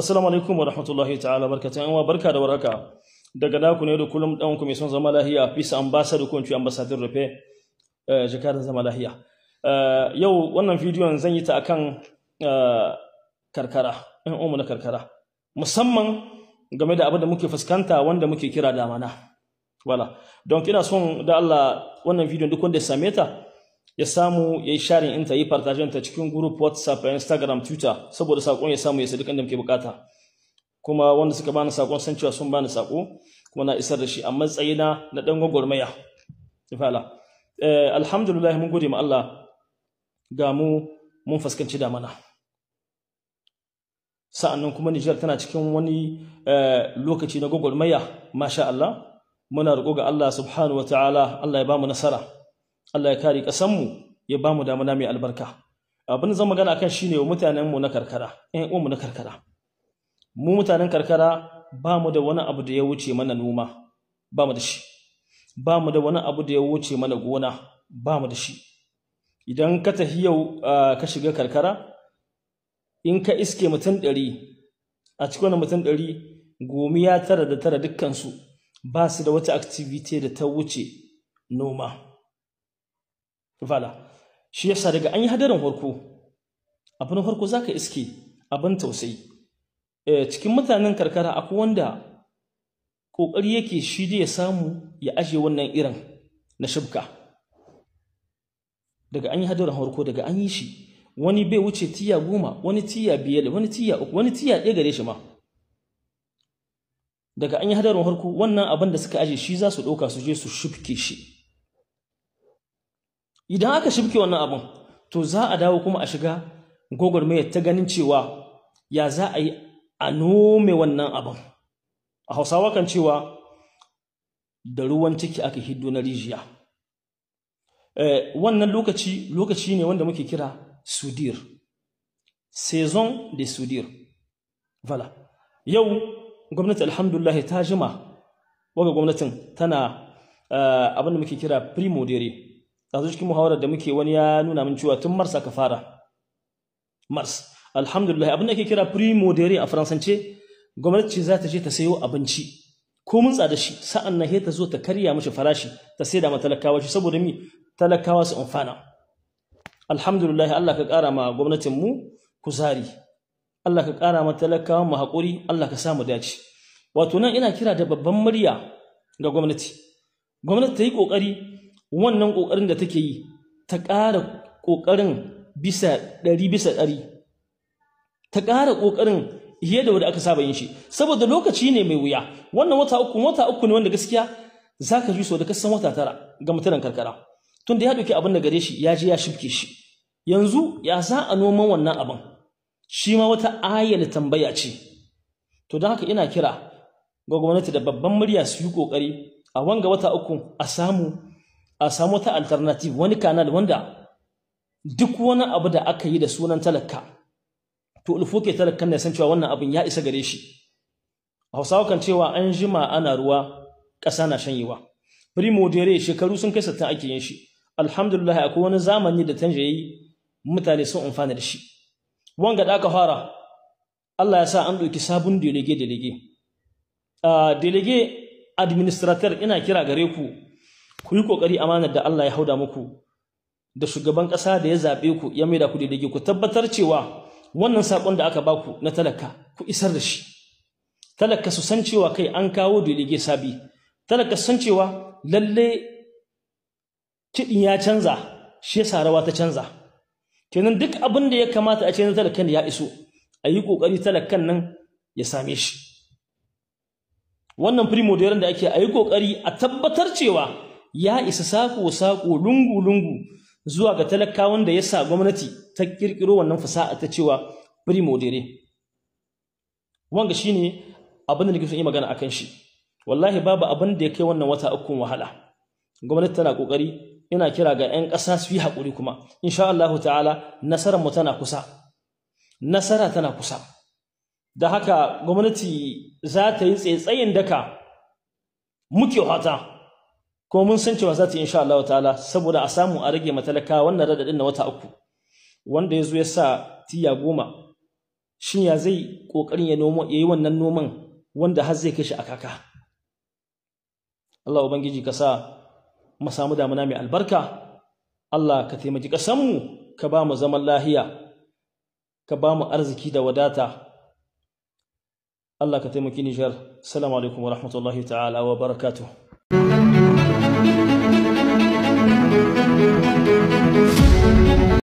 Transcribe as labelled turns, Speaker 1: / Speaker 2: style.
Speaker 1: Assalamu alaikum wa rahmatullahi ta'ala barkatun yanwa barka da warhaka daga naku ne da kullum dan ku mai son zama lahiya peace ambassador ko inci ambassador rufe eh, jikarin zama lahiya eh, yau wannan bidiyon zan yi ta akan eh, karkara ɗan umu na karkara musamman game da abin da muke fuskanta wanda muke kira damana wala don kina son da Allah wannan bidiyon duk wanda ya same ta ya samu ya yi sharing ɗinta yi partajen ta cikin group whatsapp instagram twitter saboda sakon ya samu ya sadi kan da muke bukata kuma wanda suka bani sakon san cewa sun bani sako kuma na isar da shi a matsayina na dan gwagwarmaya ifala eh, alhamdulillah mun gode ma Allah ga mu mun fuskanci damana sa'annan kuma Nijar tana cikin wani eh, lokaci na gwagwarmaya masha Allah muna roƙo ga Allah subhanahu wa ta'ala Allah ya ba mu nasara Allah ya kare ƙasanmu ya ba mu damuna mai albarka abin da zan magana akan shine wa mutanenmu na karkara uwanmu na karkara mu mutanen karkara ba mu da wani abu da ya wuce mana noma ba mu da shi ba mu da wani abu da ya wuce mana gona ba mu da shi idan ka tafi yau ka shiga karkara in ka iske mutum ɗari a cikin mutum ɗari gomiya tara da tara dukkansu ba su da wata activity da ta wuce noma Vala, shi yasa daga an yi hadarin farko, abu na za ka iske abin tausayi. Eh, cikin mutanen karkara akwai wanda ƙoƙari yake shi da ya samu ya aje wannan irin na shibka. Daga an yi hadarin farko daga an yi shi, wani bai wuce tiya goma, wani tiya biyar, wani tiya uku, wani tiya ɗaya gare shi ma. Daga an yi hadarin farko wannan abin da suka aje shi za su ɗauka su je su shibke shi. idan aka shibke wannan abin to za a dawo kuma a shiga gwagwarmayar ta ganin cewa ya za a yi a nome wannan abin a hausawa kan cewa da ruwan ciki aka hiddo na rijiya eh, wannan lokaci lokaci ne wanda muke kira sudir saison de sudir vala yau gwamnati alhamdulillah ta jima waga gwamnatin tana eh, abin da muke kira primo yanzu cikin muhawarar da muke wani ya nuna min cewa tun mars aka fara mars alhamdulillah abin da ake kira primodere a faransance gwamnati za ta je ta sayo abinci ko mun tsada shi sa'an nan ta zo ta karya mashi farashi ta saida ma talakawa shi saboda mi talakawa su amfana alhamdulillah Allah ka kara ma gwamnatin mu kuzari Allah ka kara ma talakawa mu hakuri Allah ka samu dace wato nan ina kira da babban murya ga gwamnati gwamnati ta yi kokari wannan ƙoƙarin da take yi ta ƙara ƙoƙarin bisa ɗari bisa ɗari ta ƙara ƙoƙarin iya da wanda aka saba yin shi saboda lokaci ne mai wuya wannan wata uku wata uku ne wanda gaskiya za ka ji so da kasan wata tara ga mutanen karkara tun da ya ɗauki abin da gare shi ya je ya shifke shi yanzu ya za a noman wannan abin shi ma wata ayyana tambaya ce to don haka ina kira ga gwamnati da babban murya su yi ƙoƙari a wanga wata uku a samu a samu ta alternative wani kanal wanda duk wani abu da aka yi da sunan talaka to ulfuke talakan ne san cewa wannan abin ya isa gare shi hausawa kan cewa an jima ana ruwa ƙasa na shanyewa primo dere shekaru sun kai sattan ake yin shi alhamdulillah akwai wani zamani da tanje yi mutane sun amfana da shi wanga da aka fara Allah ya sa an ɗauki sabon delege delege ah, delege administrator ina kira gare ku ku yi kokari amanar da Allah ya hauda muku da shugaban ƙasa da ya zaɓe ku ya maida ku daidai ku tabbatar cewa wannan saƙon da aka baku na talaka ku isar da shi talaka su san cewa kai an kawo daidai sabi talaka su san cewa lalle kiɗin ya canza shi ya sarawa ta canza kenan duk abin da ya kamata a ce na talakan ya iso a yi ƙoƙari talakan nan ya same shi wannan primodiyar da ake a yi ƙoƙari a tabbatar cewa ya isa sako sako lungu lungu zuwa ga talakawan da sa gwamnati ta kirkiro wannan fasaha ta cewa free modere wanga shine abin da nake son yi magana akan shi wallahi babu abin da ya kai wannan wata ukun wahala gwamnati tana kokari ina kira ga 'yan ƙasa su yi haƙuri kuma insha Allah ta'ala nasarar mu tana kusa nasara tana kusa da haka gwamnati za ta yi tsaitsayin daka muke wata. kuma mun san cewa za ta yi insha Allah ta'ala saboda a samu a rage matalaka wannan radadin na wata uku wanda ya zo ya sa tiya goma shin ya zai kokarin ya nomo yayi wannan noman wanda har zai kashe a kaka Allah ubangiji ka sa mu samu damuna mai albarka Allah ka taimaki ƙasanmu ka ba mu zaman lahiya ka ba mu arziki da wadata Allah ka taimaki Nijar. Assalamu alaikum wa rahmatullahi ta'ala wa thank you